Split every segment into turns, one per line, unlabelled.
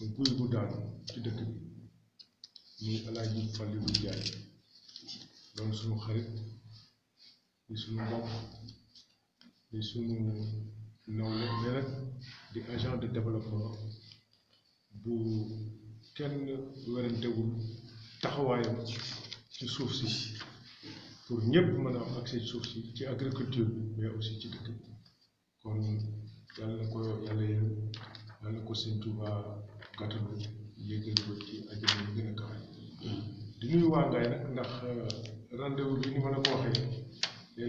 mu buy bu daanu ci dëkk bi muy Alaaji Falilu Njaay doon suñu xarit di suñu mbokk di suñu nawle mais nag di agent de développement bu kenn werantewul taxawaayam ci suuf si pour ñëpp mën a am suuf si ci agriculture bi mais aussi ci dëkk bi kon yàlla na ko yàlla yéen yàlla na ko seen Tuubaa gàttal ko ci yéegal ko ci àjjana yi gën a kawe di waa Ngaye nag ndax rendez-vous bi ni ma la ko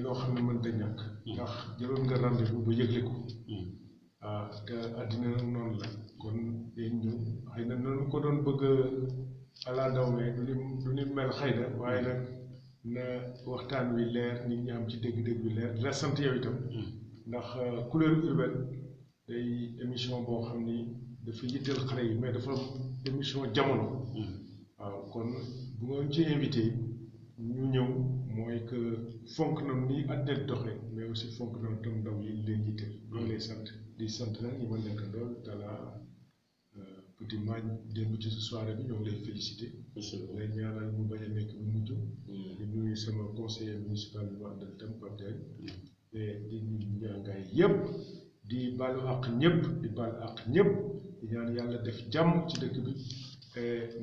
loo xam ne mënta ñàkk ndax jëloon nga rendez-vous ba yëgle ko waaw te àddina nag la kon day ñëw xëy na noonu ko doon bëgg a ala daw mais du ni du ni mel xëy na waaye nag na waxtaan wi leer nit ñi ci dégg-dégg bi leer la sant yow ndax couleur urbaine day émission boo xam ni dafa yitteel xale yi mais dafa émission jamono hmm. waaw kon bu ngeen ci invité ñu ñëw mooy que fonk nam ni àddina doxee mais aussi fonk nam tam ndaw yi leen yitteel hmm. loolu lay sant di sant nag ñi ma nekk dool dala euh, petit maañ dem ci sa soirée bi ñoo ngi lay félicité lay ñaanal mu bañ a nekk bu mujj hmm. di nuyu sama conseiller municipal bi wax dal tam Pape Diagne di nuyu ñaangaay yépp di baalu àq ñëpp di baalu àq ñëpp di yàlla def jàmm ci dëkk bi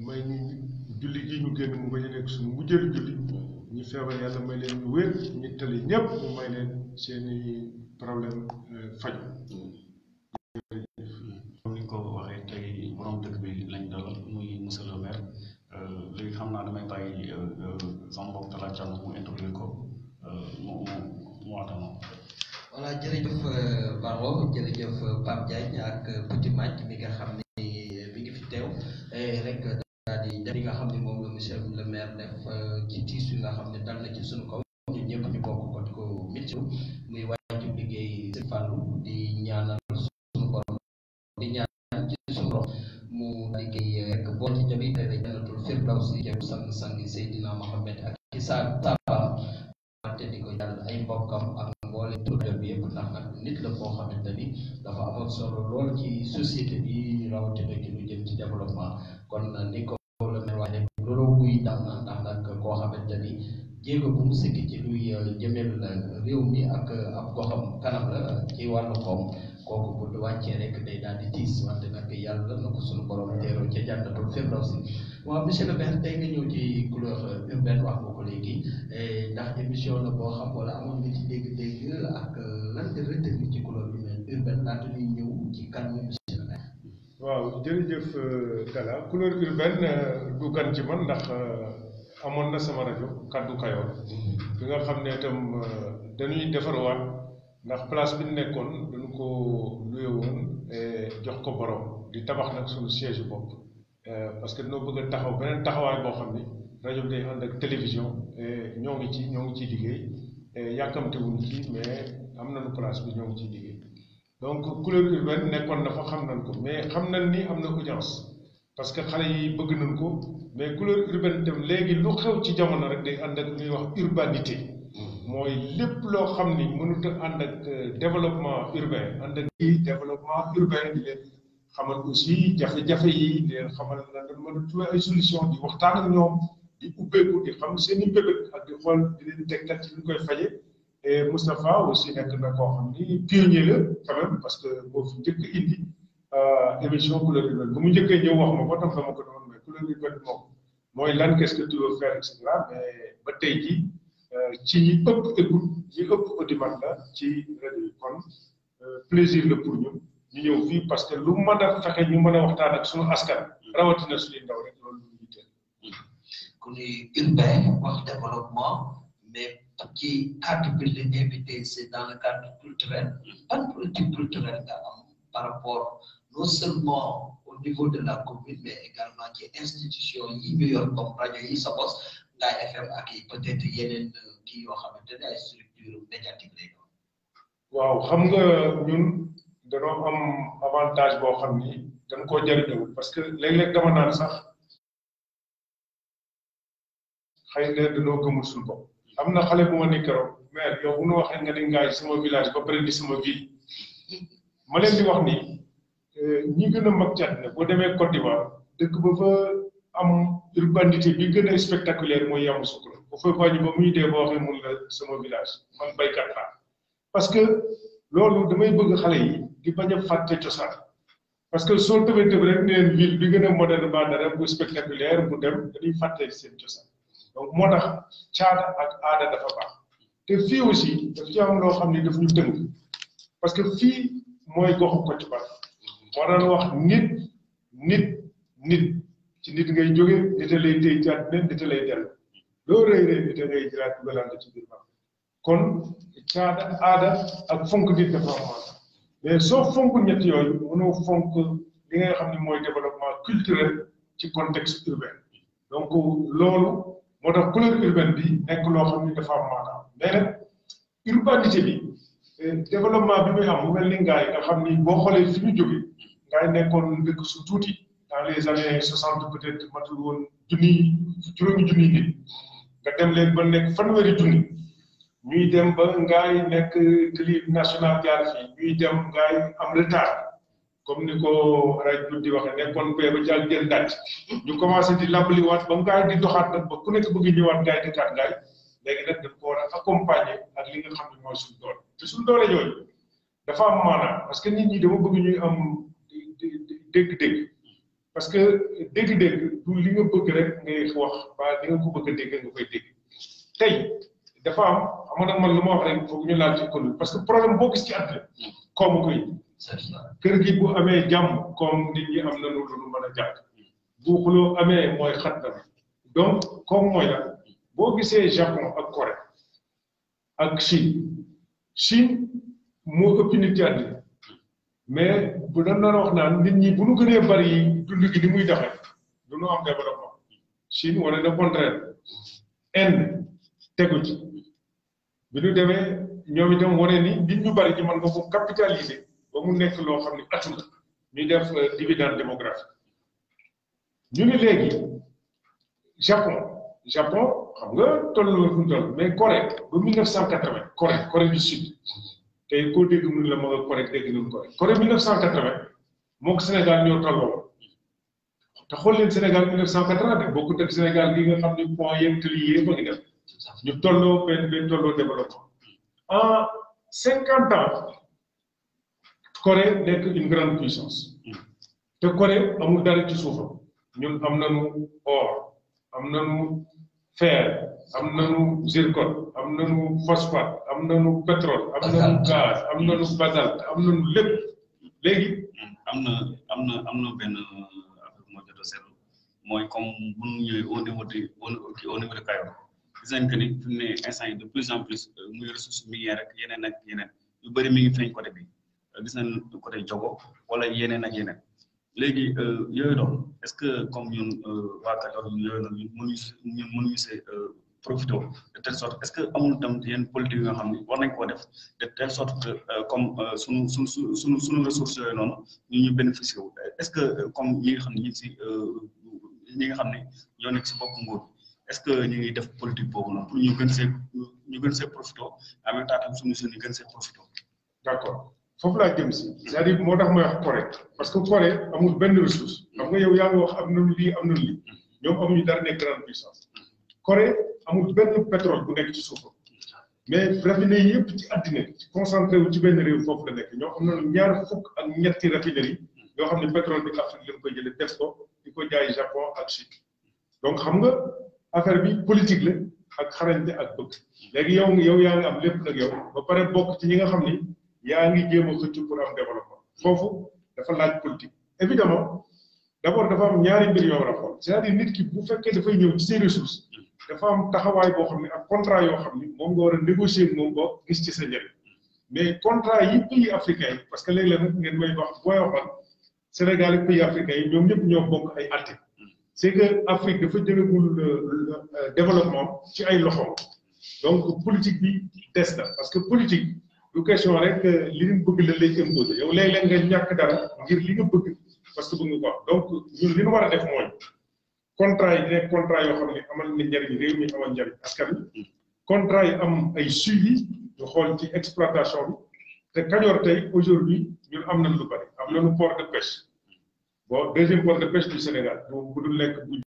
may ñu julli gi ñu génn mu bañ a nekk suñu mujjëlu julli ñu feebar yàlla may leen ñu wér ñu tali ñëpp mu may leen seeni
problème euh, faj comme ni ko waxee tey borom dëkk bi lañ dalal muy monsieur le euh, léegi xam naa damay bàyyi euh, sama mbokk Talla Thiam mu introduire ko mu mu mu voilà jërëjëf euh, Baro jërëjëf euh, Pape Diagne ak euh, Petit Math mi nga xam ne mi fi teew rek daal di nga xam ne moom la monsieur le maire def ci tiis yi nga xam ne dal na ci suñu kaw ñun ñëpp ñu bokk ko di ko métti muy wàccu liggéey si fàllu di ñaanal suñu borom di ñaanal ci suñu borom mu liggéey rek bool ci tamit dañ ñaanatul firdawsi jëm sang-sang Seydina Mohamed ak ci sa saba te di ko jàll ay mbokkam ak itu tuddal bi yëpp ndax nag nit la koo xamante ni dafa amoon solo lool ci société bi rawatina ci lu jëm ci développement kon ni ko la mel waaye loolu muy dam na ndax nag koo xamante ni jéego bu mu sëkk ci luy jëmel réew mi ak ab goxam kanam la ci wàllu xoom kooku bu wàccee rek day daal di tiis wante nag yàlla na ko borom teeroo ca jànnatul firdaw si waaw monsieur le maire tey nga ñëw ci couleur urbaine wax nga ko léegi ndax émission la boo xam wala amoon nga ci dégg-dégg ak lan nga retenir ci colonie urbaine ñëw ci kanamu monsieur
waaw jërëjëf Talla euh, couleur urbaine euh, du gan ci man ndax euh, amoon na sama rajo kaddu mm-hmm. bi nga xam ne itam dañuy place bi nekkoon dañu ko luye woon eh, jox ko borom di tabax nag suñu siège bopp eh, parce que dañoo bëgg a taxaw beneen taxawaay boo xam ni. rajo bi day ànd ak télévision eh, ñoo ngi ci ñoo ngi ciy liggéey eh, yàkkamte wuñ ci mais am nañu place bi ñoo ngi ciy liggéey donc couleur urbaine nekkoon na fa xam nañ ko mais xam nañ ni am na audience parce que xale yi bëgg nañ ko mais couleur urbaine tam léegi lu xew ci jamono rek day ànd ak ñuy wax urbanité mm. mooy lépp loo xam ni mënut a ànd ak euh, développement urbain ànd ak développement urbain di leen xamal aussi jafe-jafe yi di leen xamal lan mën ay solution di waxtaan ak ñoom di ubbeeku di xam seen i ak di xool di leen ci et Moustapha aussi na koo xam ni pionnier la quand parce que boo fi njëkk indi euh, émission couleur bu mu njëkkee ñëw wax ma ko tam dit « ko qu'est-ce que tu veux faire et mais ba tey ji euh, ci ñi ëpp ëpp audimat la ci kon euh, plaisir le pour ñu ñëw parce que lu mën a fexe ñu mën a waxtaan ak suñu ndaw ku ñuy urbain
wax développement mais qui a de plus ñu invité dans le cadre culturel Pas de politique culturelle culturel par rapport non seulement au niveau de la commune mais également des institution il y a comme rajo yi Sabos Ngaye FM
peut être yeneen euh, kii qui xamante ne ay structure médiatique lay doon. waaw xam nga ñun dañoo un avantage pour parce que les léeg dama naan ça, xëy na dañoo gëmul suñu bopp am na xale bu ma ni keroog mais yow bu ñu waxee nga ni ngaay sama village ba pare di sama ville ma leen di wax ni euh, ñi gën a mag ci àddina boo demee Côte d'Ivoire dëkk ba fa am urbanité bi gën a spectaculaire mooy Yamoussoukro bu fekkoo ñu ba muy dee boo waxee mun sama village man baykat laa parce que loolu damay bëgg xale yi di bañ a fàtte cosaan parce que soo tëbee tëb rek neen ville bi gën a moderne ba dara bu spectaculaire bu donc moo tax caada ak aada dafa baax te fii aussi daf ci am xam ni daf ñu tënk parce que fii mooy goxu Kocc Barma moo daan wax nit nit nit ci nit ngay jóge nit a lay téye ci àddina nit lay dellu loo rëy rëy nit a ngay jëlaat dugalante ci biir kon caada aada ak fonk nit dafa am maanaam mais soo fonk ñett yooyu mënoo fonk li xam ne mooy développement culturel ci contexte urbain donc loolu moo tax couleur urbaine bi nekk loo xam ni dafa am maanaam mais nag urbanité bi euh, développement bi muy am mu mel ni ngaay nga xam ni boo xoolee fi ñu jógee ngaay nekkoon dëkk su tuuti dans les années soixante peut-être matul woon junni juróomi junni nit nga dem leen ba nekk fanweeri junni ñuy dem ba ngaay nekk télé national jaar fii ñuy dem ngaay am retard comme ni ko rajo bi di waxee nekkoon pee ba jàll jël daj ñu commencé di làmbaliwaat ba mu di doxaat nag ba ku nekk bëgg ko war a accompagner ak li nga xam ne mooy suñu doole te suñu doole yooyu dafa am maanaam parce que nit ñi dama bëgg ñuy am dégg-dégg parce que dégg-dégg du li nga bëgg rek ngay wax ba li nga ko bëgg a dégg nga koy dégg tey dafa am xam nga lu ma wax rek foog ñu laal ci parce que problème boo gis ci àdduna koomu koy kër gi bu amee jàmm comme nit ñi am na lu lu mën bu xuloo amee mooy xat na donc comme mooy la boo gisee Japon ak Corée ak Chine Chine moo ëpp nit ci àddina mais bu doon doon ñi bu nu gënee bari yi dund ni muy doxee du nu am développement Chine wala le contraire Inde tegu ci bi ñu demee ñoom itam wane ni nit bari ci mën nga ba mu nekk loo xam ne atout ñu def euh, dividende démographique ñu ne léegi Japon Japon xam nga toll na fu mu mais Corée ba 1980 Corée Corée du Sud tey koo dégg mu ne la ma nga Corée dégg nañu Corée Corée 1980 moo ko Sénégal ñoo tolloo te xool leen Sénégal 1980 de bokkut ak Sénégal gi nga xam ne point yeeg tëli yee ba ngi ñu tolloo benn benn développement en 50 ans. Corée nekk une grande puissance mm. te Corée amul dara ci suufam ñun am nañu or am nañu fer am nañu zircon am nañu phosphate am nañu pétrole am
nañu gaz am nañu basalte am nañu lépp léegi. Mm. am na am na am na benn moo
jot a seetlu mooy comme bu ñu ñëwee au niveau de au niveau
instant yi de plus en plus euh, muy ressource minière ak yeneen ak yeneen yu bëri mi ngi feeñ bi. gis nañ côté Jogo wala yeneen ak yeneen léegi euh, yooyu doon
est-ce que comme ñun euh, waa Kajoor yooyu noonu ñun mënuñu ñun mënuñu see euh, profité de telle sorte est-ce que amul tam yenn politique yi nga xam ni war nañ koo def de telle sorte que comme sunu sunu sunu sunu ressources yooyu noonu ñu ñu bénéficié wu est-ce que comme ñi nga xam ne ñu ngi si ñi nga xam ne ñoo nekk si bopp nguur est-ce que ñu ngi def politique boobu noonu ñu gën see ñu gën see profité en même temps tam sunu jeunes yi gën فوف لا ديم سي زادي مو تخ موي كوريك باسكو كوري امول بن ريسورس خم نغا يو يالو واخ امنا لي امنا لي نيوم امو ني دار نيك غران بيسانس كوري امول بن بترول بو نيك تي سوفو مي رافيني ييب تي ادنا كونسانتري و تي بن ريو فوف نيك نيو خم نون نيار فوك اك نيتي رافينري يو خم بترول بي افريك لي كوي جيل ديسكو ديكو جاي جابون اك شيك دونك خم افير بي بوليتيك لا اك خارنتي اك بوك لغي يوم يوم يوم يوم يوم يوم يوم يوم يوم يوم يوم يوم يوم يوم يوم yaa ngi jéem a xëcc pour am développement foofu dafa laaj politique évidemment d' abord dafa am ñaari mbir yoo war a xool c' est à dire nit ki bu fekkee dafay ñëw ci ses ressources dafa am taxawaay boo xam ne ak contrat yoo xam ne moom nga war a négocier moom ba gis ci sa njëriñ mais contrat yi pays africains yi parce que léeg-léeg nag ngeen may wax booy waxal Sénégal ak pays africains yi ñoom ñëpp ñoo bokk ay atte c' est que Afrique dafa jëlagul euh, développement ci ay loxoom donc politique bi des na parce que politique. du question rek euh, li ñu bëgg la lay imposé yow léeg-léeg nga ñàkk dara ngir li nga bëgg parce que bëgg nga ko donc ñun li ñu war a def mooy contrat yi contrat yoo xam ne amal na njariñ réew mi amal njariñ askan wi yi am ay suivi ñu xool ci exploitation bi te Kajoor tey aujourd'hui ñun am nañ lu bari am nañu port de pêche bon deuxième port de pêche du Sénégal bu dul nekk